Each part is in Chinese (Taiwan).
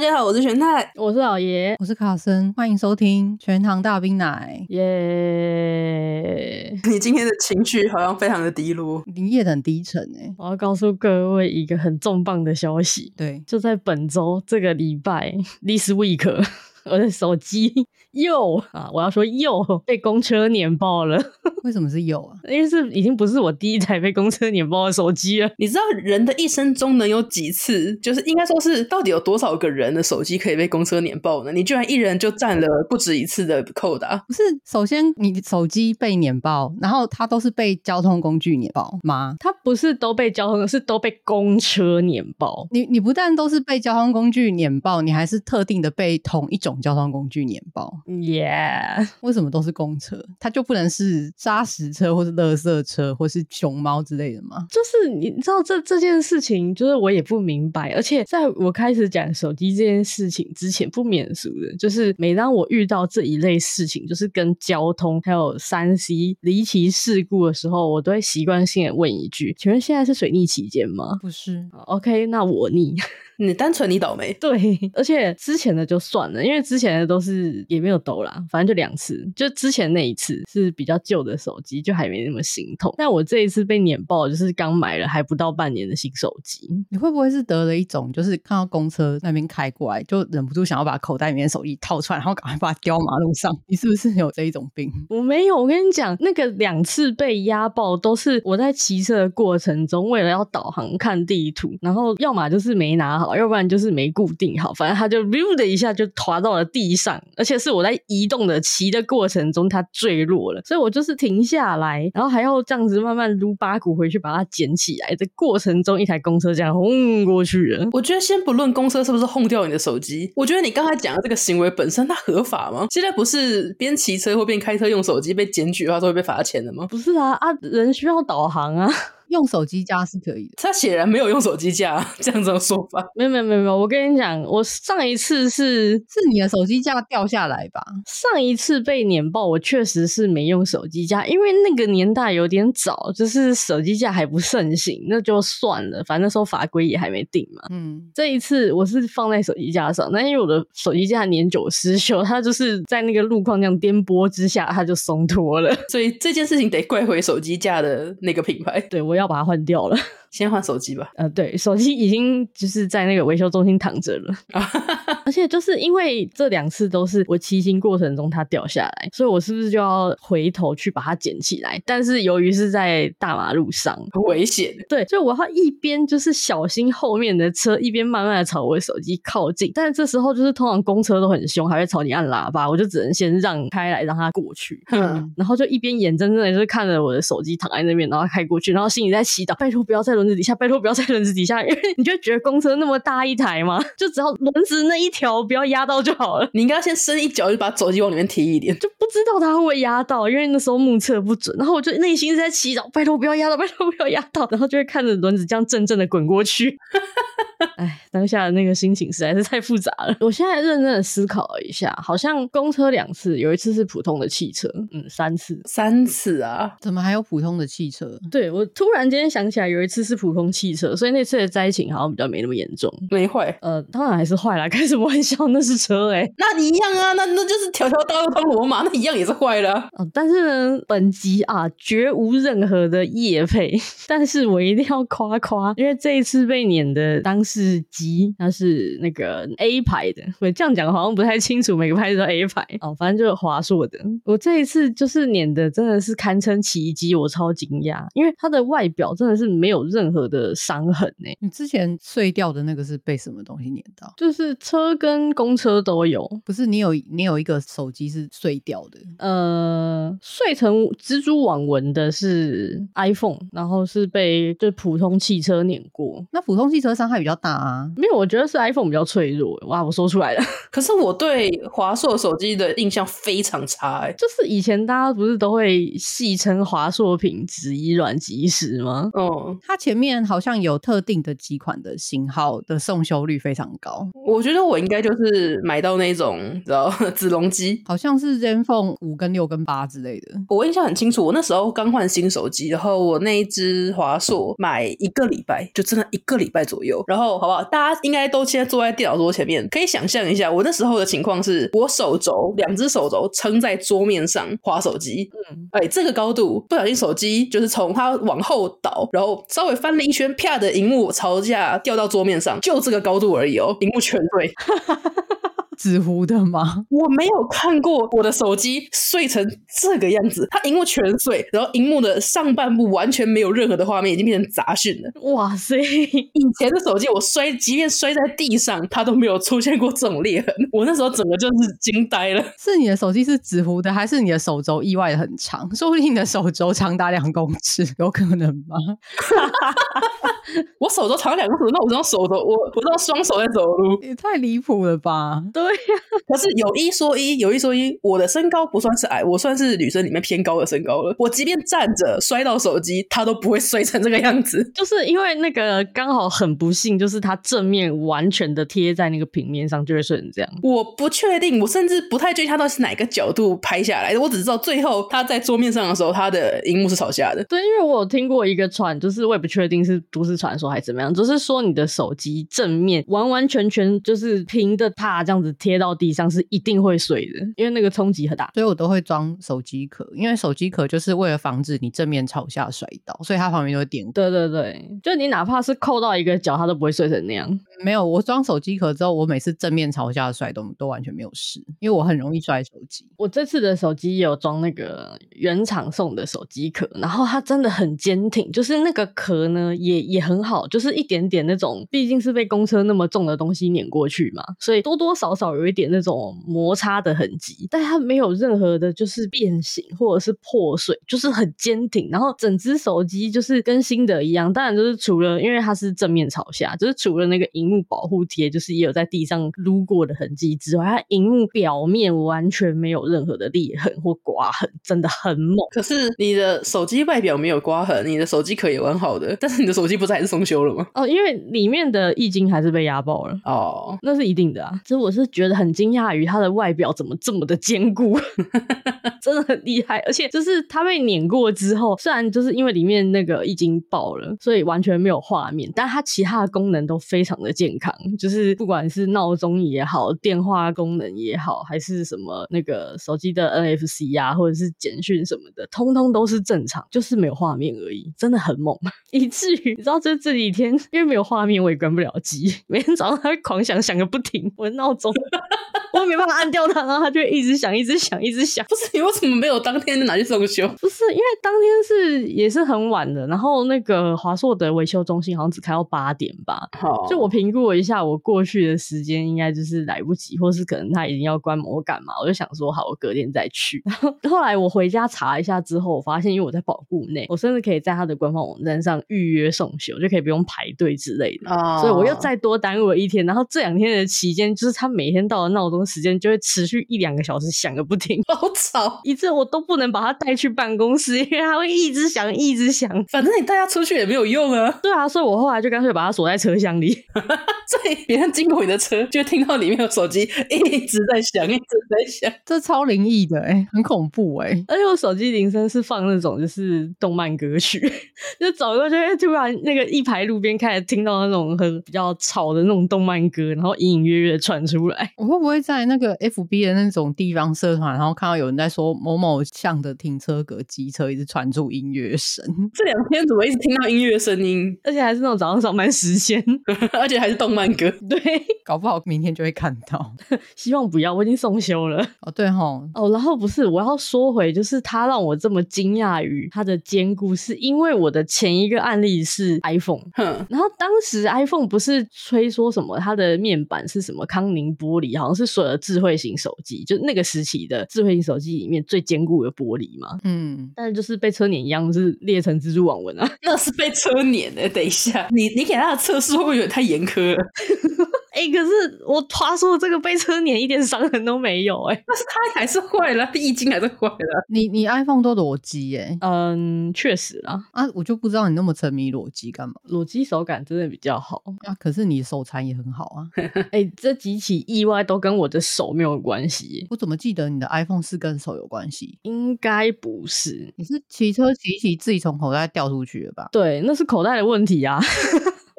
大家好，我是玄太，我是老爺，我是卡森，歡迎收聽全糖大冰奶，耶、yeah！你今天的情緒好像非常的低落，營業很低沉耶。我要告訴各位一個很重磅的消息，對，就在本周這個禮拜，This week。我的手機又啊！我要說又被公車碾爆了。 為什麼是又啊？因為是已經不是我第一台被公車碾爆的手機了。你知道人的一生中能有幾次？就是應該說是到底有多少個人的手機可以被公車碾爆呢？你居然一人就佔了不止一次的扣打啊。不是，首先你手機被碾爆，然後它都是被交通工具碾爆嗎？它不是都被交通，是都被公車碾爆。你你不但都是被交通工具碾爆，你還是特定的被同一種。交通工具年報，耶、yeah.！為什麼都是公車？它就不能是砂石車，或是垃圾車，或是熊貓之類的嗎？就是你知道這這件事情，就是我也不明白。而且在我開始講手機這件事情之前，不免俗的，就是每當我遇到這一類事情，就是跟交通還有三 C 離奇事故的時候，我都會習慣性的問一句：“請問現在是水逆期間嗎？”不是。OK，那我逆，你單純你倒霉。對，而且之前的就算了，因為。之前的都是也沒有抖啦，反正就兩次。就之前那一次是比較舊的手機，就還沒那麼心痛。但我這一次被碾爆，就是剛買了還不到半年的新手機。你會不會是得了一種，就是看到公車那邊開過來，就忍不住想要把口袋裡面的手機掏出來，然後趕快把它丟馬路上？你是不是有這一種病？我沒有。我跟你講，那個兩次被壓爆，都是我在騎車的過程中，為了要導航看地圖，然後要麼就是沒拿好，要不然就是沒固定好，反正它就嗚的一下就滑到。放了地上，而且是我在移動的騎的過程中，它墜落了，所以我就是停下來，然後還要這樣子慢慢擼八股回去把它撿起來。這過程中，一台公車這樣轟過去了。我覺得先不論公車是不是轟掉你的手機，我覺得你剛才講的這個行為本身，它合法嗎？現在不是邊騎車或邊開車用手機被檢舉的話，都會被罰錢的嗎？不是啊，啊，人需要導航啊。用手機架是可以的，他顯然沒有用手機架這樣子的說法。沒有沒有沒有，我跟你講，我上一次是是你的手機架掉下來吧？上一次被碾爆，我確實是沒用手機架，因為那個年代有點早，就是手機架還不盛行，那就算了。反正那時候法規也還沒定嘛。嗯，這一次我是放在手機架上，那因為我的手機架年久失修，它就是在那個路況這樣顛簸之下，它就鬆脫了。所以這件事情得怪回手機架的那個品牌。對，我要。要把它換掉了，先換手機吧。呃，對，手機已經就是在那個維修中心躺着了。 而且就是因為這兩次都是我騎行過程中它掉下來，所以我是不是就要回頭去把它撿起來？但是由於是在大馬路上，很危險。對，所以我要一邊就是小心後面的車，一邊慢慢的朝我的手機靠近。但是這時候就是通常公車都很兇，還會朝你按喇叭，我就只能先讓開來讓它過去。嗯，然後就一邊眼睜睜的就是看着我的手機躺在那邊，然後開過去，然後心裡在祈禱：拜托不要在輪子底下！拜托不要在輪子底下！因 為你就覺得公車那麼大一台嗎？就只要輪子那一台。挑不要壓到就好了。你應該先伸一腳，就把手機往裡面提一點，就不知道它會不會壓到，因為那時候目測不準。然後我就內心是在祈禱：拜托不要壓到，拜托不要壓到。然後就會看着輪子這樣正正的滾過去。 哎， 當下的那個心情實在是太複雜了。 我現在認真的思考了一下，好像公車兩次，有一次是普通的汽車，嗯，三次，三次啊，怎麼還有普通的汽車？對，我突然間想起來，有一次是普通汽車，所以那次的災情好像比較沒那麼嚴重，沒壞，呃，當然還是壞了，開什麼玩笑，那是車哎、欸，那你一樣啊，那那就是條條大路通羅馬，那一樣也是壞了。嗯，但是呢，本集啊，絕無任何的業配，但是我一定要誇誇，因為這一次被碾的當時。是機，它是那個 A 牌的。我這樣講好像不太清楚。每個牌子都 A 牌哦，反正就是華碩的。我這一次就是碾的，真的是堪稱奇蹟，我超驚訝，因為它的外表真的是沒有任何的傷痕呢、欸。你之前碎掉的那個是被什麼東西碾到？就是車跟公車都有。不是，你有你有一個手機是碎掉的，呃，碎成蜘蛛網紋的是 iPhone，然後是被就普通汽車碾過。那普通汽車傷害比較大。啊，沒有，我覺得是 iPhone 比較脆弱。哇，我說出來了。 可是我對華碩手機的印象非常差、欸，哎，就是以前大家不是都會戲稱華碩品質以卵擊石嗎？哦、嗯，它前面好像有特定的幾款的型號的送修率非常高。我覺得我應該就是買到那種，然後紫龍機，好像是 ZenFone 五、跟六、跟八之類的。我印象很清楚，我那時候剛換新手機，然後我那一隻華碩買一個禮拜，就真的一個禮拜左右，然後。好不好？大家應該都現在坐在電腦桌前面，可以想象一下我那時候的情況是：我手肘兩只手肘撐在桌面上滑手機，嗯，哎、欸，這個高度不小心手機就是從它往後倒，然後稍微翻了一圈，啪的熒幕朝下掉到桌面上，就這個高度而已哦，熒幕全碎。 紙糊的嗎？我沒有看過我的手機碎成這個樣子，它熒幕全碎，然後熒幕的上半部完全沒有任何的畫面，已經變成雜訊了。哇塞！以前的手機我摔，即便摔在地上，它都沒有出現過這種裂痕。我那時候整個就是驚呆了。是你的手機是紙糊的，還是你的手肘意外很長？說不定你的手肘長達兩公尺，有可能嗎？ 我手肘長了兩公尺，那我這樣手肘，我我這樣雙手在走路，也太離譜了吧？對。 可是有一說一，有一說一，我的身高不算是矮，我算是女生裡面偏高的身高了。我即便站着摔，到手機，它都不會摔成這個樣子。就是因為那個剛好很不幸，就是它正面完全的貼在那個平面上，就會摔成這樣。我不確定，我甚至不太確定它到底是哪個角度拍下來的。我只知道最後它在桌面上的時候，它的熒幕是朝下的。對，因為我有聽過一個傳，就是我也不確定是都市傳說還是怎麼樣，就是說你的手機正面完完全全就是平的，踏這樣子。貼到地上是一定會碎的，因為那個衝擊很大，所以我都會裝手機殼，因為手機殼就是為了防止你正面朝下摔倒，所以它旁邊就會墊。對對對，就你哪怕是扣到一個角，它都不會碎成那樣。沒有，我裝手機殼之後，我每次正面朝下摔都都完全沒有事，因為我很容易摔手機。我這次的手機也有裝那個原廠送的手機殼，然後它真的很堅挺，就是那個殼呢也也很好，就是一點點那種，畢竟是被公車那麼重的東西碾過去嘛，所以多多少少，少有一點那種摩擦的痕跡，但它沒有任何的，就是變形或者是破碎，就是很堅挺。然後整隻手機就是跟新的一樣，當然就是除了因為它是正面朝下，就是除了那個熒幕保護貼，就是也有在地上擼過的痕跡之外，它熒幕表面完全沒有任何的裂痕、或刮痕，真的很猛。可是你的手機外表沒有刮痕，你的手機殼也完好的，但是你的手機不是還是送修了嗎？哦，因為裡面的液晶還是被壓爆了。哦、oh.，那是一定的啊，這我是。覺得很驚訝於它的外表怎麼這麼的堅固，哈哈哈，真的很厲害。而且就是它被碾過之後，雖然就是因為裡面那個已經爆了，所以完全沒有畫面，但它其他的功能都非常的健康。就是不管是鬧鐘也好，電話功能也好，還是什麼那個手機的 NFC 啊，或者是簡訊什麼的，通通都是正常，就是沒有畫面而已。真的很猛，以至於你知道，這這幾天因為沒有畫面，我也關不了機。每天早上還會狂響，響個不停，我的鬧鐘。 我沒辦法按掉它，然後他就會一直響，一直響，一直響。不是你為什麼沒有當天拿去送修？不是因為當天是也是很晚的，然後那個華碩的維修中心好像只開到八點吧。好，就我評估了一下，我過去的時間應該就是來不及，或是可能他已經要關門幹嘛。我就想說，好，我隔天再去。然 後後來我回家查一下之後，我發現因為我在保固內，我甚至可以在他的官方網站上預約送修，就可以不用排隊之類的。Oh. 所以我又再多耽誤了一天。然後這兩天的期間，就是他每每天到了鬧鐘時間，就會持續一兩個小時響個不停，好吵！一次我都不能把它帶去辦公室，因為它會一直響，一直響。反正你帶它出去也沒有用啊。對啊，所以我後來就乾脆把它鎖在車廂裡。哈哈，這別人經過你的車，就會聽到裡面有手機一直在響， 一直在響，這超靈異的哎、欸，很恐怖哎、欸。而且我手機鈴聲是放那種就是動漫歌曲， 就走過去突然那個一排路邊開始聽到那種很比較吵的那種動漫歌，然後隱隱約約傳出來。我會不會在那個 F B 的那種地方社團，然後看到有人在說某某巷的停車格機車一直傳出音樂聲？這兩天怎麼一直聽到音樂聲音？而且還是那種早上上班時間， 而且還是動漫歌。對，搞不好明天就會看到， 希望不要。我已經送修了。哦，對哈。哦，然後不是，我要說回，就是他讓我這麼驚訝於他的堅固，是因為我的前一個案例是 iPhone，哼，然後當時 iPhone 不是吹說什麼它的面板是什麼康寧玻玻璃好像是所有的智慧型手機，就那個時期的智慧型手機裡面最堅固的玻璃嘛。嗯，但是就是被車碾一樣，是裂成蜘蛛網紋啊。那是被車碾的。等一下，你你給他的測試會不會有點太嚴苛了？ 哎、欸，可是我他說這個被車碾，一點傷痕都沒有、欸。哎，但是它還是壞了，一斤還是壞了。你你 iPhone 都裸機？哎，嗯，確實啦。啊，我就不知道你那麼沉迷裸機幹嘛？裸機手感真的比較好。啊，可是你手殘也很好啊。哎、 欸，這幾起意外都跟我的手沒有關係、欸。我怎麼記得你的 iPhone 是跟手有關係？應該不是。你是騎車騎起自己從口袋掉出去的吧？對，那是口袋的問題啊。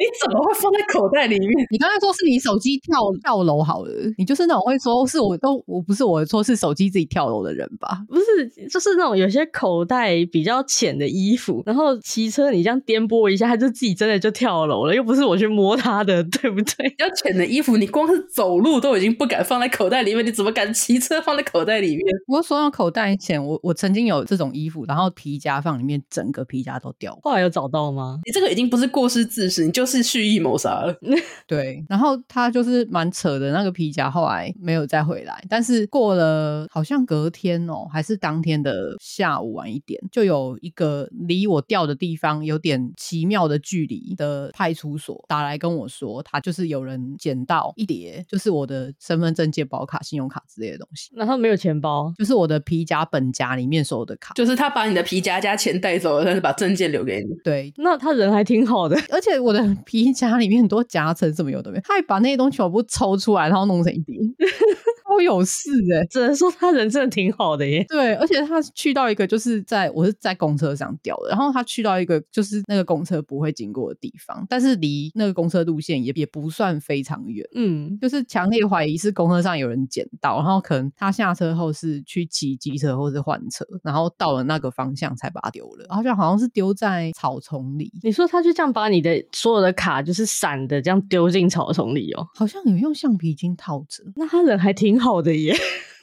你怎麼會放在口袋裡面？你剛才說是你手機跳樓跳樓好了，你就是那種會說是我都我不是我說是手機自己跳樓的人吧？不是，就是那種有些口袋比較淺的衣服，然後騎車你這樣顛簸一下，它就自己真的就跳樓了，又不是我去摸它的，對不對？比較淺的衣服，你光是走路都已經不敢放在口袋裡面，你怎麼敢騎車放在口袋裡面？不過說到口袋淺，我我曾經有這種衣服，然後皮夾放裡面，整個皮夾都掉，後來有找到嗎？你這個已經不是過失致死，你就是。就是蓄意謀殺了 對。然後他就是蠻扯的，那個皮夾後來沒有再回來。但是過了好像隔天哦、喔，還是當天的下午晚一點，就有一個離我掉的地方有點奇妙的距離的派出所打來跟我說，他就是有人撿到一疊，就是我的身份證、健保卡、信用卡之類的東西。然後沒有錢包，就是我的皮夾本夾裡面所有的卡，就是他把你的皮夾夾錢帶走了，但是把證件留給你。對，那他人還挺好的，而且我的。皮夾裡面很多夾層什麼有的沒有，他會把那些東西全部抽出來，然後弄成一疊。 都有事哎、欸，只能說他人真的挺好的耶。對，而且他去到一個就是，在我是在公車上掉的，然後他去到一個就是那個公車不會經過的地方，但是離那個公車路線也也不算非常遠。嗯，就是強烈懷疑是公車上有人撿到，然後可能他下車後是去騎機車或是換車，然後到了那個方向才把它丟了。而且好像是丟在草叢裡。你說他就這樣把你的所有的卡就是散的這樣丟進草叢裡哦？好像有用橡皮筋套着。那他人還挺。好的耶。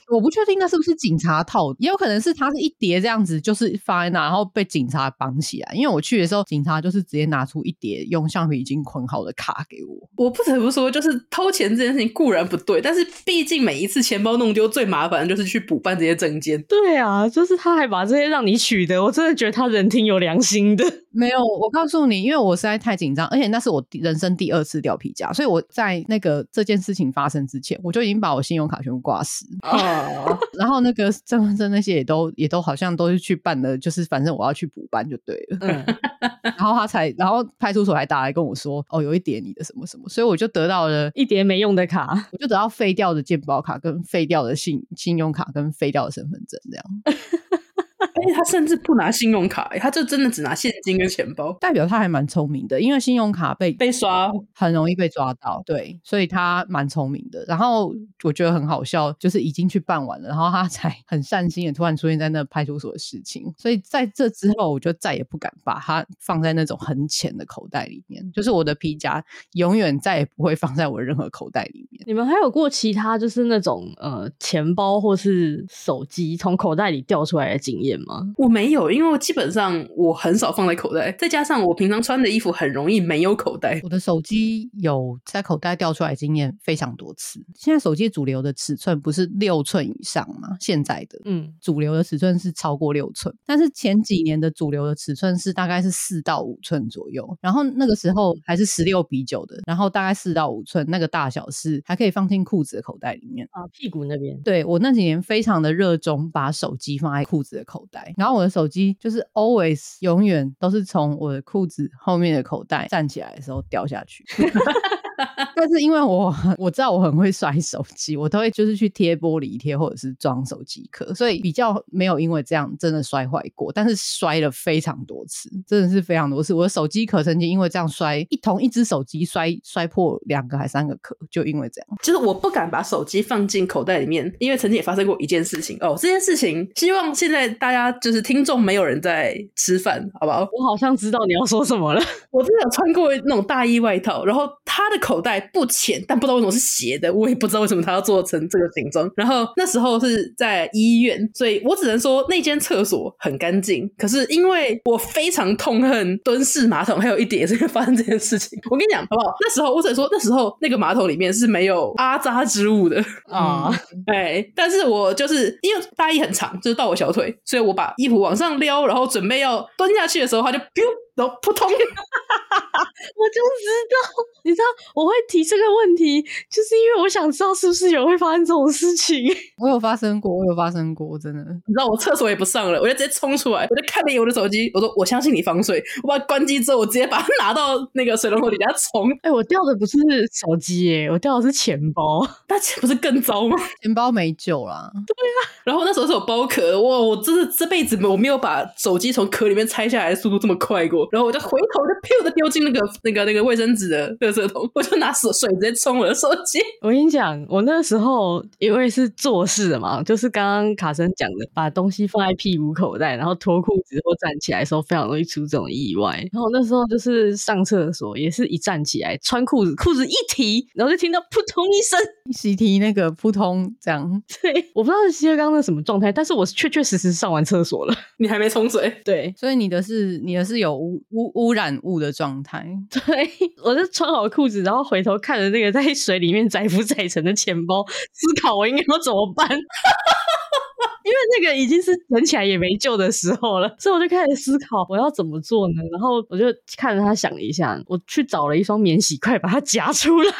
我不確定那是不是警察套，也有可能是他是一疊這樣子，就是放在那，然後被警察綁起來。因為我去的時候，警察就是直接拿出一疊用橡皮筋捆好的卡給我。我不得不說，就是偷錢這件事情固然不對，但是畢竟每一次錢包弄丟，最麻煩的就是去補辦這些證件。對啊，就是他還把這些讓你取的，我真的覺得他人挺有良心的。沒有，我告訴你，因為我實在太緊張，而且那是我人生第二次掉皮夾，所以我在那個這件事情發生之前，我就已經把我信用卡全部掛失。Oh. 哦， 然後那個身份證那些也都也都好像都是去辦的，就是反正我要去補辦就對了。 然後他才，然後派出所還打來跟我說，哦，有一點你的什麼什麼，所以我就得到了一疊沒用的卡，我就得到廢掉的健保卡、跟廢掉的信信用卡、跟廢掉的身份證這樣。 而且他甚至不拿信用卡欸，他就真的只拿現金跟錢包，代表他還蠻聰明的。因為信用卡被被刷很容易被抓到，對，所以他蠻聰明的。然後我覺得很好笑，就是已經去辦完了，然後他才很善心的突然出現在那派出所的事情。所以在這之後，我就再也不敢把它放在那種很淺的口袋裡面，就是我的皮夾永遠再也不會放在我任何口袋裡面。你們還有過其他就是那種呃錢包或是手機從口袋裡掉出來的經驗嗎？我沒有，因為基本上我很少放在口袋，再加上我平常穿的衣服很容易沒有口袋。我的手機有在口袋掉出來的經驗非常多次。現在手機主流的尺寸不是六寸以上嗎？現在的嗯，主流的尺寸是超過六寸，但是前幾年的主流的尺寸是大概是四到五寸左右，然後那個時候還是十六比九的，然後大概四到五寸那個大小是還可以放進褲子的口袋裡面啊，屁股那邊。對，我那幾年非常的熱衷把手機放在褲子的口袋然後我的手機就是 always 永遠都是從我的褲子後面的口袋，站起來的時候掉下去。 但是因為我我知道我很會摔手機，我都會就是去貼玻璃貼或者是裝手機殼，所以比較沒有因為這樣真的摔壞過。但是摔了非常多次，真的是非常多次。我的手機殼曾經因為這樣摔一同一隻手機摔摔破兩個還三個殼，就因為這樣。就是我不敢把手機放進口袋裡面，因為曾經也發生過一件事情哦。這件事情希望現在大家就是聽眾沒有人在吃飯，好不好？我好像知道你要說什麼了。 我真的有穿過那種大衣外套，然後它的。口袋不淺，但不知道為什麼是斜的，我也不知道為什麼他要做成這個形狀。然後那時候是在醫院，所以我只能說那間廁所很乾淨。可是因為我非常痛恨蹲式馬桶，還有一點也是因為發生這件事情，我跟你講好不好？那時候我只能說那時候那個馬桶裡面是沒有阿渣之物的啊。哎、嗯， 但是我就是因為大衣很長，就是到我小腿，所以我把衣服往上撩，然後準備要蹲下去的時候，他就然後撲通， 我就知道，你知道我會提這個問題，就是因為我想知道是不是有人會發生這種事情。 我有發生過，我有發生過，真的。你知道我廁所也不上了，我就直接衝出來，我就看了一眼我的手機，我說我相信你防水，我把它關機之後，我直接把它拿到那個水龍頭底下沖。哎，我掉的不是手機，哎，我掉的是錢包，那錢不是更糟嗎？錢包沒救了，對吧、啊？然後那時候是有包殼，我我真是這輩子我沒有把手機從殼裡面拆下來的速度這麼快過。然後我就回頭就噗的丟進那個那個、那個、那個衛生紙的垃圾桶，我就拿水水直接沖我的手機。我跟你講，我那時候因為是做事的嘛，就是剛剛卡森講的，把東西放在屁股口袋，然後脫褲子或站起來的時候非常容易出這種意外。然後我那時候就是上廁所，也是一站起來穿褲子，褲子一提，然後就聽到撲通一聲，一提那個撲通這樣。對，我不知道是剛剛那什麼狀態，但是我確確實實上完廁所了。你還沒沖水？對，所以你的是你的是有污。污污染物的狀態，對我就穿好褲子，然後回頭看着那個在水裡面載浮載沉的錢包，思考我應該要怎麼辦。 因為那個已經是撿起來也沒救的時候了，所以我就開始思考我要怎麼做呢？然後我就看着他想了一下，我去找了一雙免洗筷，把它夾出來，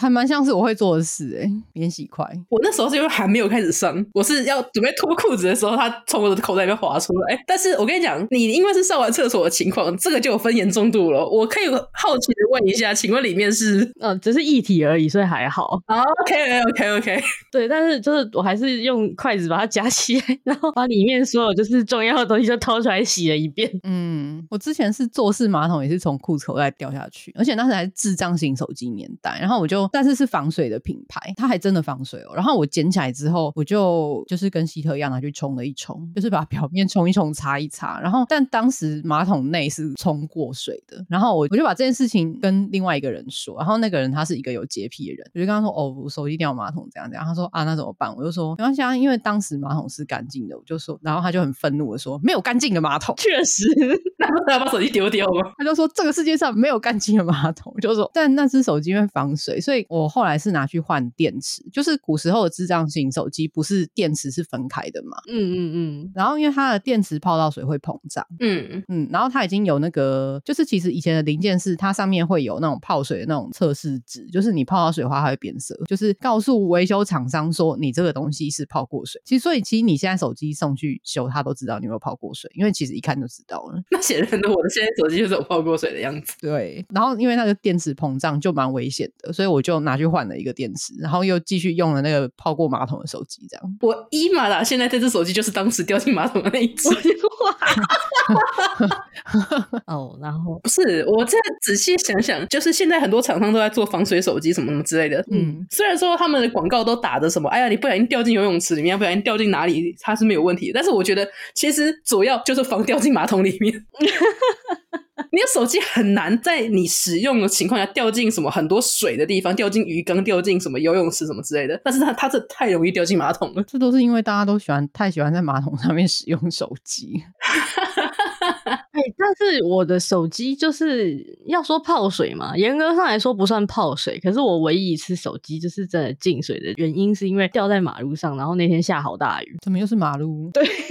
還蠻像是我會做的事誒。免洗筷，我那時候是因為還沒有開始上，我是要準備脫褲子的時候，他從我的口袋裡面滑出來。但是我跟你講，你因為是上完廁所的情況，這個就有分嚴重度了。我可以好奇的問一下，請問裡面是？嗯，只是液體而已，所以還好。Oh, OK OK OK，對，但是就是我還是用筷子把它夾起。然後把裡面所有就是重要的東西就掏出來洗了一遍。嗯，我之前是坐式馬桶，也是從褲子口袋掉下去，而且當時還是智障型手機年代。然後我就，但是是防水的品牌，它還真的防水哦。然後我撿起來之後，我就就是跟希特一樣拿去沖了一沖，就是把表面沖一沖擦一擦，擦一擦。然後，但當時馬桶內是沖過水的。然後我我就把這件事情跟另外一個人說，然後那個人他是一個有潔癖的人，我就跟他說：“哦，我手機掉馬桶這樣這樣。”他說：“啊，那怎麼辦？”我就說：“沒關係啊，因為當時馬桶。”是乾淨的，我就說，然後他就很憤怒的說：“沒有乾淨的馬桶。”確實，那 不是要把手機丟掉嗎？他就說：“這個世界上沒有乾淨的馬桶。”我就說，但那只手機因為防水，所以我後來是拿去換電池。就是古時候的智障型手機，不是電池是分開的嘛？嗯嗯嗯。然後因為它的電池泡到水會膨脹。嗯嗯。然後它已經有那個，就是其實以前的零件是它上面會有那種泡水的那種測試紙，就是你泡到水的話它會變色，就是告訴維修廠商說你這個東西是泡過水。其實所以其你現在手機送去修，他都知道你有沒有泡過水，因為其實一看就知道了。那顯然我的現在手機就是我泡過水的樣子。對，然後因為那個電池膨脹就蠻危險的，所以我就拿去換了一個電池，然後又繼續用了那個泡過馬桶的手機。這樣，我一馬啦，現在這只手機就是當時掉進馬桶的那一只。我就哇。哦， oh, 然後不是，我再仔細想想，就是現在很多廠商都在做防水手機，什麼什麼之類的。嗯，雖然說他們的廣告都打着什麼“哎呀，你不小心掉進游泳池裡面，不小心掉進哪裡”。它是沒有問題的，但是我覺得其實主要就是防掉進馬桶裡面。 你的手機很難在你使用的情況下掉進什麼很多水的地方，掉進魚缸，掉進什麼游泳池什麼之類的。但是它，它這太容易掉進馬桶了。這都是因為大家都喜歡，太喜歡在馬桶上面使用手機。 但是我的手機就是要說泡水嘛，嚴格上來說不算泡水。可是我唯一一次手機就是真的進水的原因，是因為掉在馬路上，然後那天下好大雨。怎麼又是馬路？對 。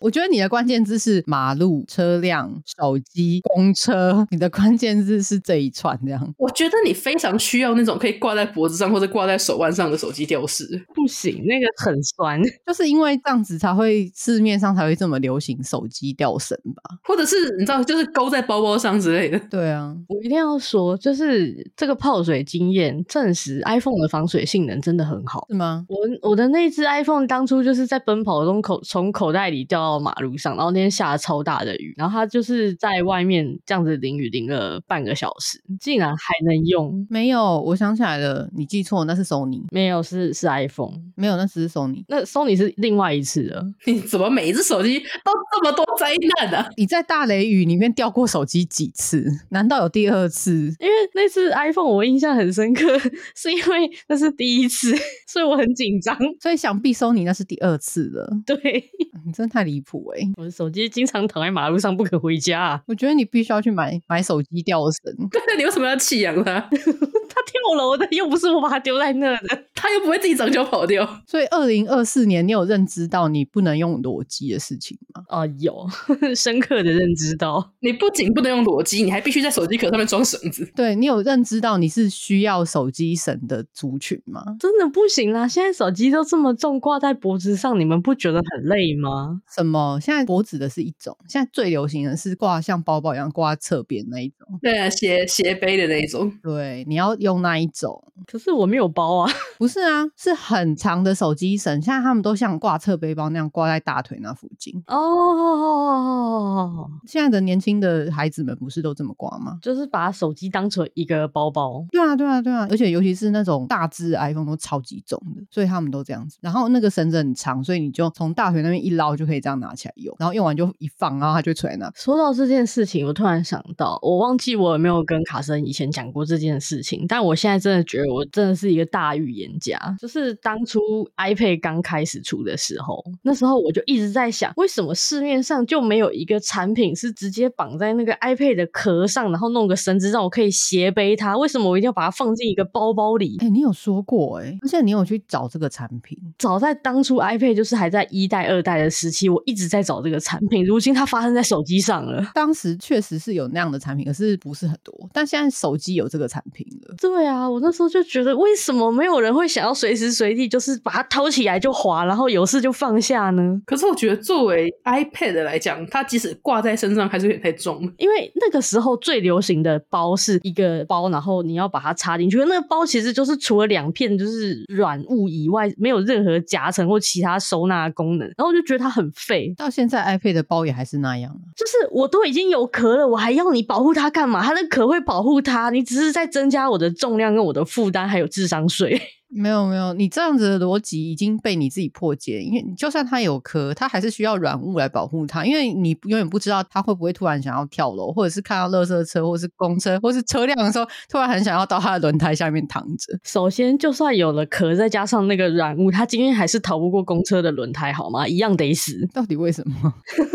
我覺得你的關鍵字是馬路、車輛、手機、公車。你的關鍵字是這一串這樣。我覺得你非常需要那種可以掛在脖子上或者掛在手腕上的手機吊飾。不行，那個很酸，就是因為這樣子才會市面上才會這麼流行手機吊繩吧？或者是你知道，就是勾在包包上之類的。對啊，我一定要說，就是這個泡水經驗證實，iPhone 的防水性能真的很好。是嗎？我我的那支 iPhone 當初就是在奔跑中口從口袋裡掉到馬路上，然後那天下了超大的雨，然後他就是在外面這樣子淋雨淋了半個小時，竟然還能用？沒有，我想起來了，你記錯，那是索尼，沒有是是 iPhone，沒有那只是索尼，那索尼是，是另外一次的。你怎麼每一支手機都這麼多災難啊？你在大雷雨裡面掉過手機幾次？難道有第二次？因為那次 iPhone 我印象很深刻，是因為那是第一次，所以我很緊張，所以想必索尼那是第二次了。對，你真的太離。離譜哎，我的手機經常躺在馬路上不肯回家啊。我覺得你必須要去買買手機吊繩。對， 你為什麼要棄養它？它 跳樓的又不是我把它丟在那的，它 又不會自己長腳跑掉。所以，二零二四年你有認知到你不能用裸機的事情嗎？啊，有 深刻的認知到。你不僅不能用裸機，你還必須在手機殼上面裝繩子。對，你有認知到你是需要手機繩的族群嗎？真的不行啦！現在手機都這麼重，掛在脖子上，你們不覺得很累嗎？什麼？現在我指的是一種，現在最流行的，是掛像包包一樣掛在側邊那一種。對啊，斜斜背的那一種，對，你要用那一種。可是我沒有包啊。不是啊，是很長的手機繩，現在他們都像掛側背包那樣掛在大腿那附近。哦、oh, oh,，oh, oh, oh, oh, oh. 現在的年輕的孩子們不是都這麼掛嗎？就是把手機當成一個包包。對啊，對啊，對啊，而且尤其是那種大支的 iPhone 都超級重的，所以他們都這樣子。然後那個繩子很長，所以你就從大腿那邊一撈就可以這樣。拿起來用，然後用完就一放，然後它就垂了。說到這件事情，我突然想到，我忘記我有沒有跟卡森以前講過這件事情。但我現在真的覺得，我真的是一個大預言家。就是當初 iPad 剛開始出的時候，那時候我就一直在想，為什麼市面上就沒有一個產品是直接綁在那個 iPad 的殼上，然後弄個繩子讓我可以斜背它？為什麼我一定要把它放進一個包包裡？哎、欸，你有說過哎、欸，而且你有去找這個產品，早在當初 iPad 就是還在一代、二代的時期，我一。一直在找這個產品，如今它發生在手機上了。當時確實是有那樣的產品，可是不是很多。但現在手機有這個產品了。對啊，我那時候就覺得，為什麼沒有人會想要隨時隨地就是把它掏起來就滑，然後有事就放下呢？可是我覺得，作為 iPad 來講，它即使掛在身上還是有點太重。因為那個時候最流行的包是一個包，然後你要把它插進去，那個包其實就是除了兩片就是軟物以外，沒有任何夾層或其他收納的功能，然後我就覺得它很廢。到現在，iPad 的包也還是那樣啊，就是我都已經有殼了，我還要你保護它幹嘛？它的殼會保護它，你只是在增加我的重量跟我的負擔，還有智商稅。沒有沒有，你這樣子的邏輯已經被你自己破解。因為就算它有殼，它還是需要軟物來保護它。因為你永遠不知道它會不會突然想要跳樓，或者是看到垃圾車，或者是公車，或者是車輛的時候，突然很想要到它的輪胎下面躺着。首先，就算有了殼，再加上那個軟物，它今天還是逃不過公車的輪胎，好嗎？一樣得死。到底為什麼？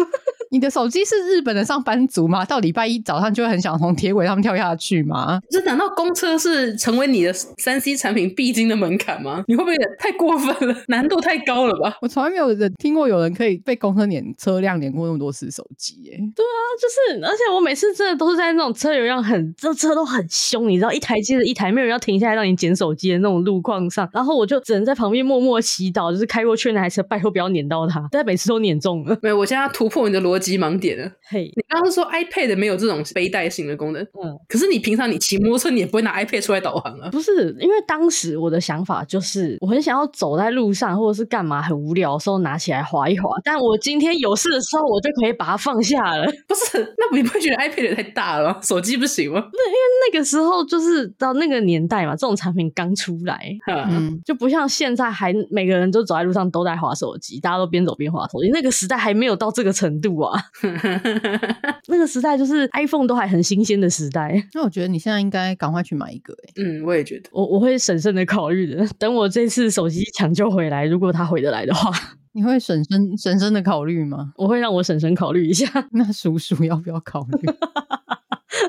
你的手機是日本的上班族嗎？到禮拜一早上就會很想從鐵軌上跳下去嗎？不是？難道公車是成為你的三 C 產品必經的門檻嗎？你會不會也太過分了？ 難度太高了吧？我從來沒有人聽過有人可以被公車碾車輛碾過那麼多次手機哎、欸！對啊，就是而且我每次真的都是在那種車流量很，這車都很凶，你知道一台接着一台，一台沒有人要停下來讓你撿手機的那種路況上，然後我就只能在旁邊默默祈禱，就是開過去那台車拜托不要碾到它，但每次都碾中了。沒有，我現在要突破你的邏輯。急忙點了。嘿、hey,，你剛剛說 iPad 沒有這種背帶型的功能，嗯、uh,，可是你平常你騎摩托車，你也不會拿 iPad 出來導航啊？不是，因為當時我的想法就是，我很想要走在路上或者是幹嘛很無聊的時候拿起來滑一滑。但我今天有事的時候，我就可以把它放下了。 不是，那你不會覺得 iPad 太大了嗎？手機不行嗎？那因為那個時候就是到那個年代嘛，這種產品剛出來，uh, 嗯，就不像現在還每個人都走在路上都在滑手機，大家都邊走邊滑手機，那個時代還沒有到這個程度啊。 那個時代就是 iPhone 都還很新鮮的時代。那我覺得你現在應該趕快去買一個，欸、嗯，我也覺得。我我會審慎的考慮的。等我這次手機搶救回來，如果他回得來的話，你會嬸嬸嬸嬸的考慮嗎？我會讓我嬸嬸考慮一下。那叔叔要不要考慮？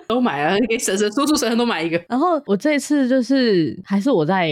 都買了，給嬸嬸、叔叔、嬸嬸都買一個。然後我這次就是還是我在。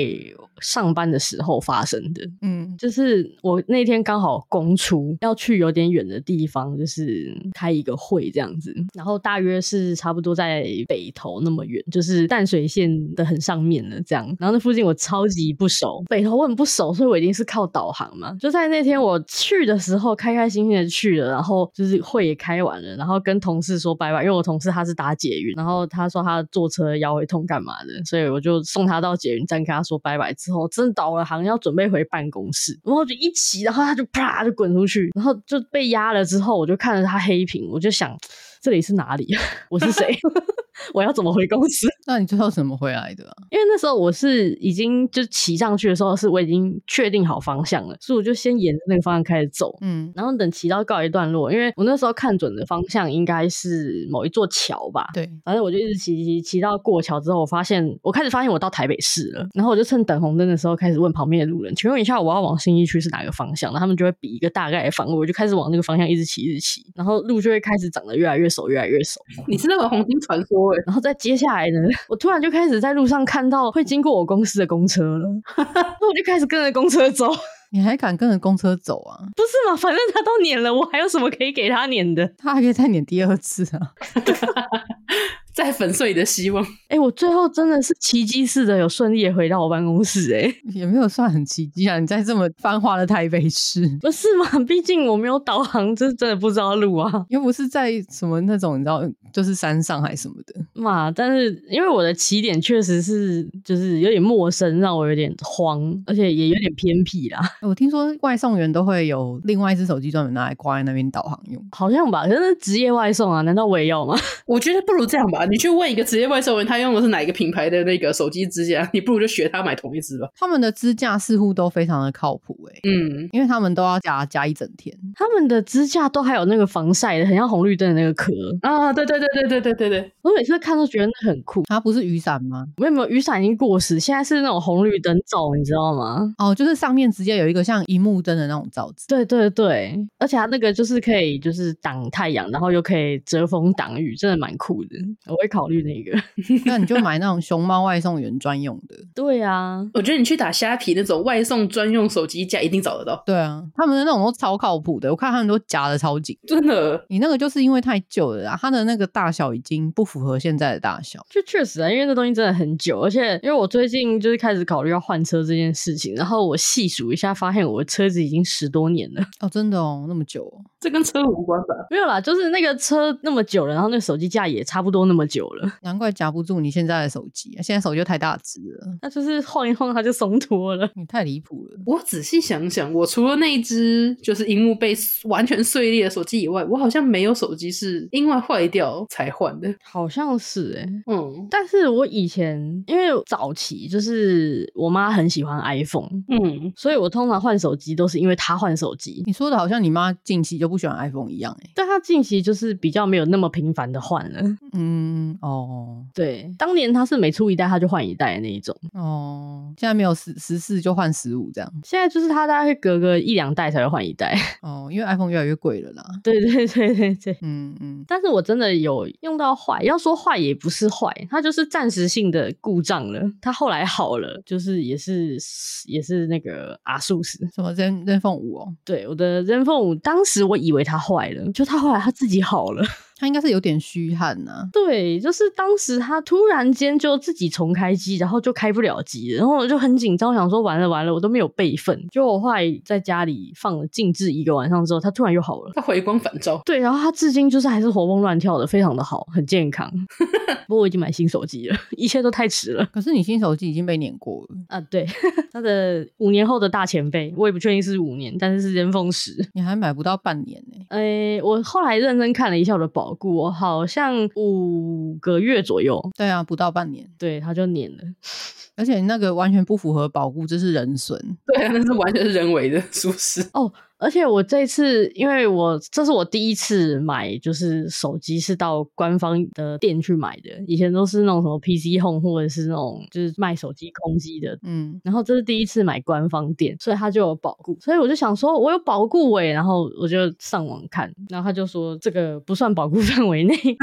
上班的時候發生的，嗯，就是我那天剛好公出，要去有點遠的地方，就是開一個會這樣子，然後大約是差不多在北投那麼遠，就是淡水線的很上面的這樣，然後那附近我超級不熟，北投我很不熟，所以我一定是靠導航嘛。就在那天我去的時候，開開心心的去了，然後就是會也開完了，然後跟同事說拜拜，因為我同事他是搭捷運，然後他說他坐車腰會痛幹嘛的，所以我就送他到捷運站，跟他說拜拜。之後真的導了航，要準備回辦公室，然後就一起，然後他就啪就滾出去，然後就被壓了。之後我就看着他黑屏，我就想這裡是哪裡？我是誰？ 我要怎麼回公司？那你知道怎麼回來的？啊？因為那時候我是已經就騎上去的時候，是我已經確定好方向了，所以我就先沿着那個方向開始走，嗯，然後等騎到告一段落，因為我那時候看準的方向應該是某一座橋吧，對，反正我就一直騎騎騎到過橋之後，我發現我開始發現我到台北市了，然後我就趁等紅燈的時候開始問旁邊的路人，請問一下我要往新一區是哪個方向？然後他們就會比一個大概的方位，我就開始往那個方向一直騎一直騎，然後路就會開始長得越來越熟，越來越熟。你是那個《紅星傳說》。然後再接下來呢，我突然就開始在路上看到會經過我公司的公車了，那我就開始跟着公車走。你還敢跟着公車走啊？不是嘛？反正他都碾了，我還有什麼可以給他碾的？他還可以再碾第二次啊！ 在粉碎你的希望。哎、欸，我最後真的是奇蹟似的有順利回到我辦公室、欸。哎，也沒有算很奇蹟啊！你在這麼繁華的台北市，不是嗎？畢竟我沒有導航，這真的不知道路啊。又不是在什麼那種你知道，就是山上還什麼的嘛。但是因為我的起點確實是就是有點陌生，讓我有點慌，而且也有點偏僻啦。我聽說外送員都會有另外一只手機專門拿來掛在那邊導航用，好像吧？真是職業外送啊！難道我也要嗎？我覺得不如這樣吧。你去問一個職業外送人，他用的是哪一個品牌的那個手機支架？你不如就學他買同一支吧。他們的支架似乎都非常的靠譜、欸、嗯，因為他們都要加加一整天。他們的支架都還有那個防曬的，很像紅綠燈的那個殼啊。對對對對對對對。對我每次看都覺得那很酷。它、啊、不是雨傘嗎？我有沒有，雨傘已經過時，現在是那種紅綠燈罩，你知道嗎？哦，就是上面直接有一個像熒幕燈的那種罩子。對對對，而且它那個就是可以就是擋太陽，然後又可以遮風擋雨，真的蠻酷的。我會考慮那個， 那你就買那種熊貓外送員專用的。 對啊，我覺得你去打蝦皮那種外送專用手機架，一定找得到。對啊，他們的那種都超靠譜的，我看他們都夾的超緊。真的，你那個就是因為太舊了，啊，它的那個大小已經不符合現在的大小。就確實啊，因為這東西真的很久，而且因為我最近就是開始考慮要換車這件事情，然後我細數一下，發現我的車子已經十多年了。哦，真的哦，那麼久，這跟車無關吧？ 沒有啦，就是那個車那麼久了，然後那個手機架也差不多那麼久。久了，難怪夾不住你現在的手機啊！現在手機就太大只了，那就是晃一晃它就鬆脫了。你太離譜了！我仔細想想，我除了那一只就是熒幕被完全碎裂的手機以外，我好像沒有手機是因為壞掉才換的。好像是哎、欸，嗯。但是我以前因為早期就是我媽很喜歡 iPhone，嗯，所以我通常換手機都是因為她換手機。你說的好像你媽近期就不喜歡 iPhone 一樣哎、欸，但她近期就是比較沒有那麼頻繁的換了，嗯。嗯哦，對，當年他是每出一代他就換一代的那一種哦。現在沒有十十四，就換十五這樣，現在就是他大概會隔個一兩代才會換一代，哦，因為 iPhone 越來越貴了啦。對對對對對，嗯嗯。但是我真的有用到壞，要說壞也不是壞，它就是暫時性的故障了，它後來好了，就是也是也是那個啊，ASUS 什麼 Zen Zenfone 五哦，對，我的 Zenfone 五，當時我以為它壞了，就它後來它自己好了。他應該是有點虛汗吶。對，就是當時他突然間就自己重開機，然後就開不了機了，然後我就很緊張，想說完了完了，我都沒有備份，就我後來在家裡放了靜置一個晚上之後，他突然又好了，他回光返照。對，然後他至今就是還是活蹦亂跳的，非常的好，很健康。 不過我已經買新手機了，一切都太遲了。可是你新手機已經被碾過了啊！對， 他的五年後的大前輩，我也不確定是五年，但是是巔峰時，你還買不到半年呢，欸。呃、欸，我後來認真看了一下我的寶。保固、哦，好像五個月左右，對啊，不到半年，對，他就黏了，而且那個完全不符合保固，這、就是人損，對、啊、那是完全是人為的疏失哦。 而且我這次，因為我這是我第一次買，就是手機是到官方的店去買的，以前都是那種什麼 PC Home 或者是那種就是賣手機空機的，嗯，然後這是第一次買官方店，所以他就有保固，所以我就想說，我有保固喂、欸，然後我就上網看，然後他就說這個不算保固範圍內。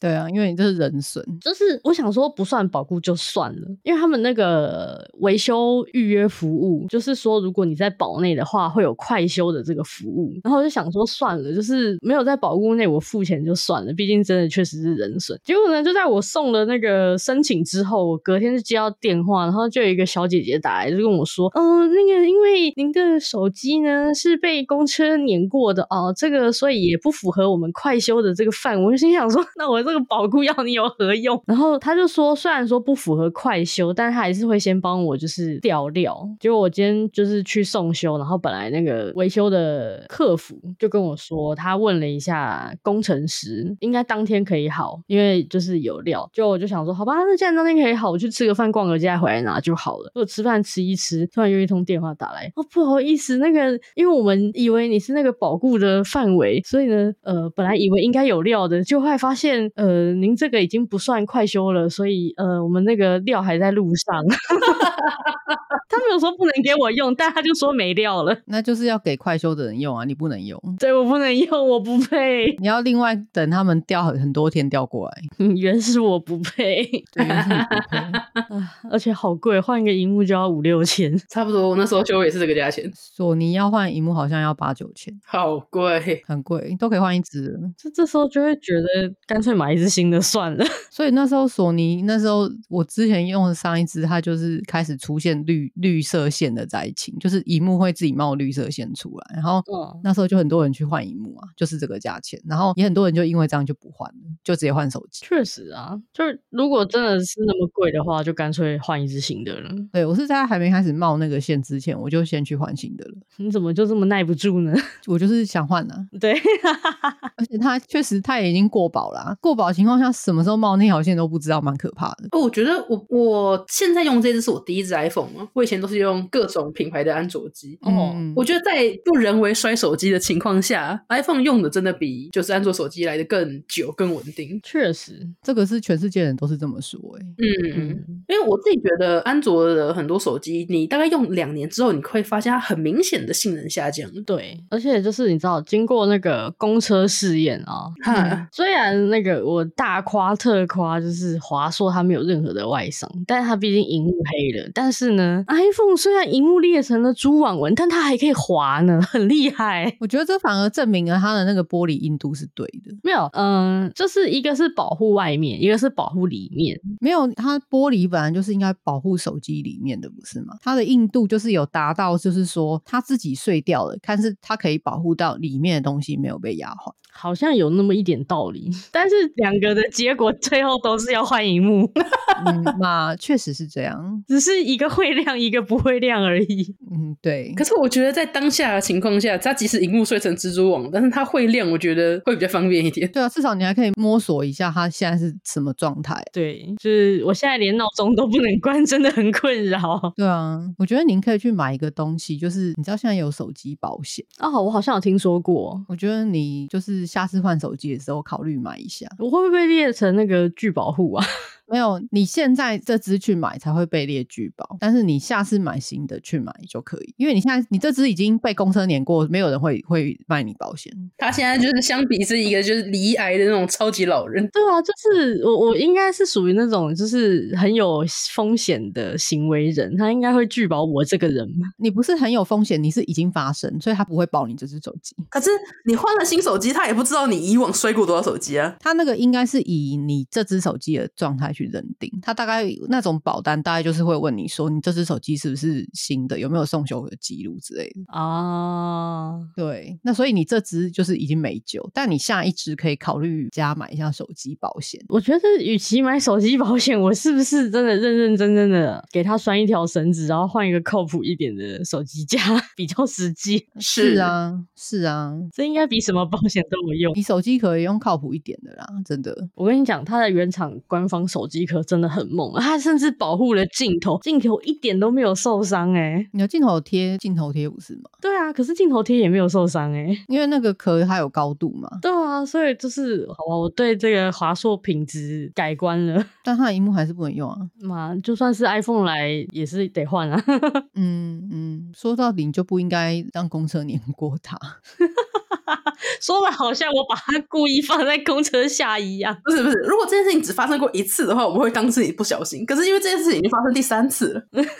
對啊，因為你這是人損，就是我想說不算保固就算了，因為他們那個維修預約服務，就是說如果你在保內的話，會有快修的這個服務。然後我就想說算了，就是沒有在保固內，我付錢就算了，畢竟真的確實是人損。結果呢，就在我送了那個申請之後，我隔天就接到電話，然後就有一個小姐姐打來，就跟我說，嗯，那個因為您的手機呢是被公車碾過的啊、哦，這個所以也不符合我們快修的這個範圍。我就心想說，那我。這個保固要你有何用？然後他就說，雖然說不符合快修，但他還是會先幫我就是調料。結果我今天就是去送修，然後本來那個維修的客服就跟我說，他問了一下工程師，應該當天可以好，因為就是有料。就我就想說，好吧，那既然當天可以好，我去吃個飯，逛個街，再回來拿就好了。如果吃飯吃一吃，突然又一通電話打來，哦，不好意思，那個因為我們以為你是那個保固的範圍，所以呢，呃，本來以為應該有料的，就會發現。呃，您這個已經不算快修了，所以呃，我們那個料還在路上。 他沒有說不能給我用，但他就說沒料了。那就是要給快修的人用啊，你不能用。對，我不能用，我不配。你要另外等他們調很很多天調過來。嗯，原始我不配。對，原不配。 而且好貴，換一個螢幕就要五六千。差不多，我那時候修也是這個價錢。索尼要換螢幕好像要八九千，好貴，很貴，都可以換一只。這這時候，就會覺得乾脆買，買一支新的算了。所以那時候索尼，那時候我之前用的上一支，它就是開始出現綠綠色線的災情，就是熒幕會自己冒綠色線出來。然後那時候就很多人去換熒幕啊，就是這個價錢。然後也很多人就因為這樣就不換了，就直接換手機。確實啊，就是如果真的是那麼貴的話，就乾脆換一支新的了。對，我是在還沒開始冒那個線之前，我就先去換新的了。你怎麼就這麼耐不住呢？我就是想換了、啊。對， 而且它確實它也已經過保了、啊。保情況下，什麼時候冒那條線都不知道，蠻可怕的。哦，我覺得我我現在用這支是我第一支 iPhone 啊，我以前都是用各種品牌的安卓機。哦、嗯嗯，我覺得在不人為摔手機的情況下，iPhone 用的真的比就是安卓手機來得更久、更穩定。確實，這個是全世界人都是這麼說、欸。哎、嗯，嗯，因為我自己覺得安卓的很多手機，你大概用兩年之後，你會發現它很明顯的性能下降。對，而且就是你知道，經過那個公車試驗啊，嗯、雖然那個。我大誇特誇，就是華碩它沒有任何的外傷，但是它畢竟熒幕黑了。但是呢，iPhone 雖然熒幕裂成了蛛網紋，但它還可以滑呢，很厲害。我覺得這反而證明了它的那個玻璃硬度是對的。沒有，嗯，就是一個是保護外面，一個是保護裡面。沒有，它玻璃本來就是應該保護手機裡面的，不是嗎？它的硬度就是有達到，就是說它自己碎掉了，但是它可以保護到裡面的東西沒有被壓壞。好像有那麼一點道理，但是。兩個的結果最後都是要換熒幕， 嗯，那，確實是這樣，只是一個會亮，一個不會亮而已。嗯，對。可是我覺得在當下的情況下，它即使熒幕碎成蜘蛛網，但是它會亮，我覺得會比較方便一點。對啊，至少你還可以摸索一下它現在是什麼狀態。對，就是我現在連鬧鐘都不能關，真的很困擾。對啊，我覺得您可以去買一個東西，就是你知道現在有手機保險。哦，我好像有聽說過。我覺得你就是下次換手機的時候考慮買一下。我會不會練成那個拒保戶啊？沒有，你現在這支去買才會被列拒保，但是你下次買新的去買就可以，因為你現在你這支已經被公車碾過，沒有人會會賣你保險。他現在就是相比是一個就是罹癌的那種超級老人。對啊，就是我我應該是屬於那種就是很有風險的行為人，他應該會拒保我這個人嘛？你不是很有風險，你是已經發生，所以他不會保你這支手機。可是你換了新手機，他也不知道你以往摔過多少手機啊？他那個應該是以你這支手機的狀態去。認定，他大概那種保單大概就是會問你說，你這只手機是不是新的，有沒有送修的記錄之類的啊？對，那所以你這只就是已經沒救，但你下一只可以考慮加買一下手機保險。我覺得與其買手機保險，我是不是真的認認真真的給他拴，一條繩子然後換一個靠譜一點的手機架比較實際？是，是啊是啊，這應該比什麼保險都有用，你手機可以用靠譜一點的啦，真的。我跟你講他的原廠官方手。手機殼真的很猛啊，它甚至保護了鏡頭，鏡頭一點都沒有受傷哎。你的鏡頭貼鏡頭貼不是嗎？對啊，可是鏡頭貼也沒有受傷哎，因為那個殼它有高度嘛。對啊，所以就是我對這個華碩品質改觀了。但它的螢幕還是不能用啊，嘛，就算是 iPhone 來也是得換啊。 嗯嗯，說到底你就不應該讓公車碾過它。 說的好像我把他故意放在公車下一樣。不是不是，如果這件事情只發生過一次的話，我們會當自己不小心。可是因為這件事情已經發生第三次了。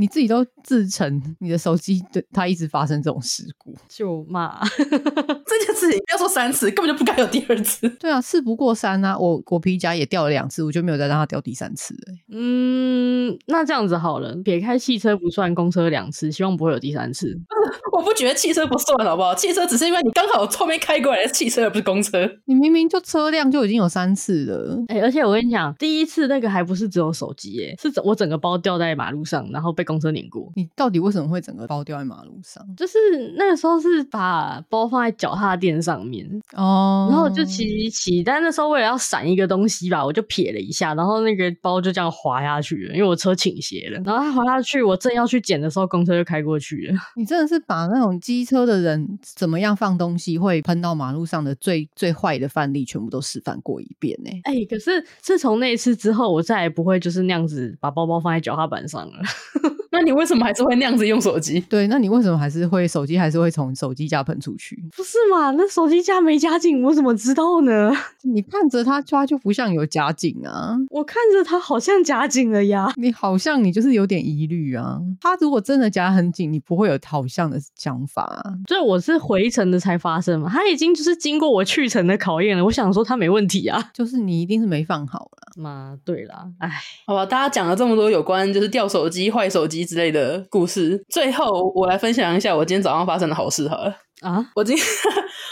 你自己都自承你的手機的它一直發生這種事故，就罵 這件事情要說三次，根本就不該有第二次。對啊，事不過三啊！我我皮夾也掉了兩次，我就沒有再讓它掉第三次。嗯，那這樣子好了，別開汽車不算，公車兩次，希望不會有第三次。 我不覺得汽車不算，好不好？汽車只是因為你剛好後面開過來的汽車，而不是公車。你明明就車輛就已經有三次了。哎、欸，而且我跟你講，第一次那個還不是只有手機，哎，是整我整個包掉在馬路上，然後被。公車碾過，你到底為什麼會整個包掉在馬路上？就是那個時候是把包放在腳踏墊上面哦，Oh. 然後我就騎騎，但那時候為了要閃一個東西吧，我就撇了一下，然後那個包就這樣滑下去了，因為我車傾斜了，然後它滑下去，我正要去撿的時候，公車就開過去了。你真的是把那種機車的人怎麼樣放東西會噴到馬路上的最最壞的範例，全部都示範過一遍呢，欸？哎，欸，可是自從那一次之後，我再也不會就是那樣子把包包放在腳踏板上了。 那你為什麼還是會那樣子用手機？對，那你為什麼還是會手機還是會從手機架噴出去？不是嘛？那手機架沒夾緊，我怎麼知道呢？你看着他抓就不像有夾緊啊。我看着他好像夾緊了呀。你好像你就是有點疑慮啊。他如果真的夾很緊，你不會有好像的想法啊。所以我是回程的才發生嘛。他已經就是經過我去程的考驗了。我想說他沒問題啊。就是你一定是沒放好了啊嘛。對啦，哎，好吧，大家講了這麼多有關就是掉手機壞手機。之類的故事。最後我來分享一下我今天早上發生的好事好了。啊，我今天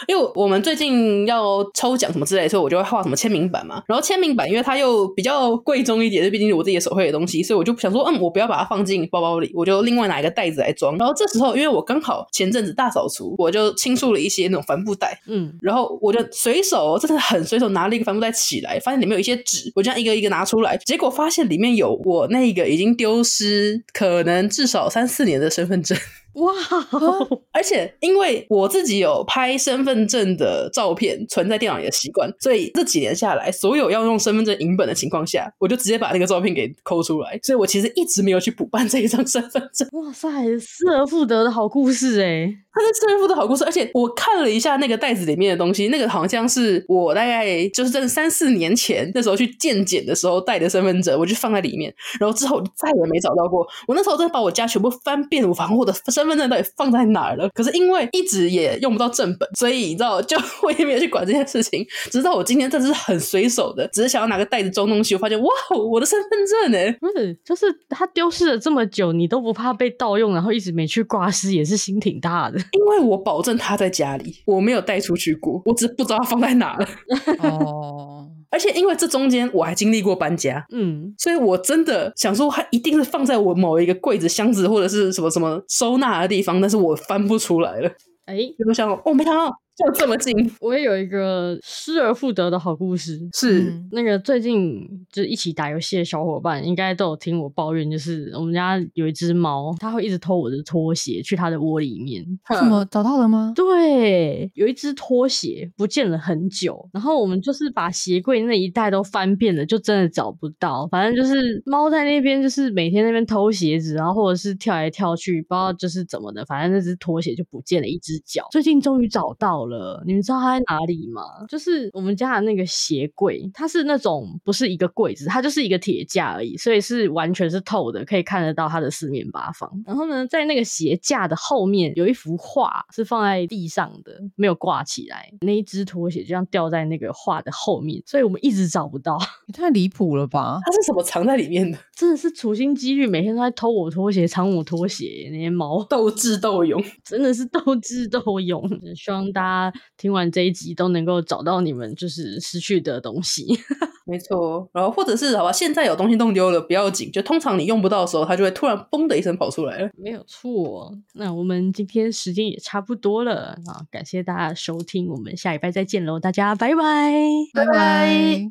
因為我們最近要抽獎什麼之類的，所以我就會畫什麼簽名版嘛。然後簽名版因為它又比較貴重一點，畢竟我自己手繪的東西，所以我就想說，嗯，我不要把它放進包包裡，我就另外拿一個袋子來裝。然後這時候，因為我剛好前陣子大掃除，我就清出了一些那種帆布袋，嗯，然後我就隨手，真的很隨手拿了一個帆布袋起來，發現裡面有一些紙，我就這樣一個一個拿出來，結果發現裡面有我那個已經丟失，可能至少三四年的身份證。哇！而且因為我自己有拍身份證的照片存在電腦裡的習慣，所以這幾年下來，所有要用身份證影本的情況下，我就直接把那個照片給摳出來。所以我其實一直沒有去補辦這一張身份證。哇塞，失而復得的好故事哎、欸！它是政府的好故事，而且我看了一下那個袋子裡面的東西，那個好像是我大概就是在三四年前那時候去健檢的時候帶的身份證，我就放在裡面，然後之後再也沒找到過。我那時候真的把我家全部翻遍，我反正我的身份證到底放在哪兒了。可是因為一直也用不到正本，所以你知道，就我也沒有去管這件事情，直到我今天真的是很隨手的，只是想要拿個袋子裝東西，我發現哇，我的身份證呢、欸？不、嗯、是，就是它丟失了這麼久，你都不怕被盜用，然後一直沒去掛失，也是心挺大的。因為我保證他在家裡，我沒有帶出去過，我只不知道他放在哪了。 哦，而且因為這中間我還經歷過搬家，嗯，所以我真的想說，他一定是放在我某一個櫃子、箱子或者是什麼什麼收納的地方，但是我翻不出來了。哎，就想哦，沒他。就這麼近，我也有一個失而復得的好故事，是、嗯、那個最近就是一起打遊戲的小伙伴應該都有聽我抱怨，就是我們家有一只貓，它會一直偷我的拖鞋去它的窩裡面。他怎麼找到了嗎？對，有一只拖鞋不見了很久，然後我們就是把鞋櫃那一帶都翻遍了，就真的找不到。反正就是貓在那邊，就是每天那邊偷鞋子，然後或者是跳來跳去，不知道就是怎麼的，反正那只拖鞋就不見了，一只腳。最近終於找到了。了，你們知道它在哪裡嗎？就是我們家的那個鞋櫃，它是那種不是一個櫃子，它就是一個鐵架而已，所以是完全是透的，可以看得到它的四面八方。然後呢，在那個鞋架的後面有一幅畫是放在地上的，沒有掛起來，那一隻拖鞋就像掉在那個畫的後面，所以我們一直找不到。也太離譜了吧？它是什麼藏在裡面的？真的是處心積慮，每天都在偷我拖鞋，藏我拖鞋，那些貓鬥智鬥勇，真的是鬥智鬥勇。希望大家聽完這一集都能夠找到你們就是失去的東西。沒錯，然後或者是好吧，現在有東西弄丟了不要緊，就通常你用不到的時候，它就會突然嘣的一聲跑出來了。沒有錯，那我們今天時間也差不多了啊，感謝大家收聽，我們下禮拜再見嘍，大家拜拜，拜拜。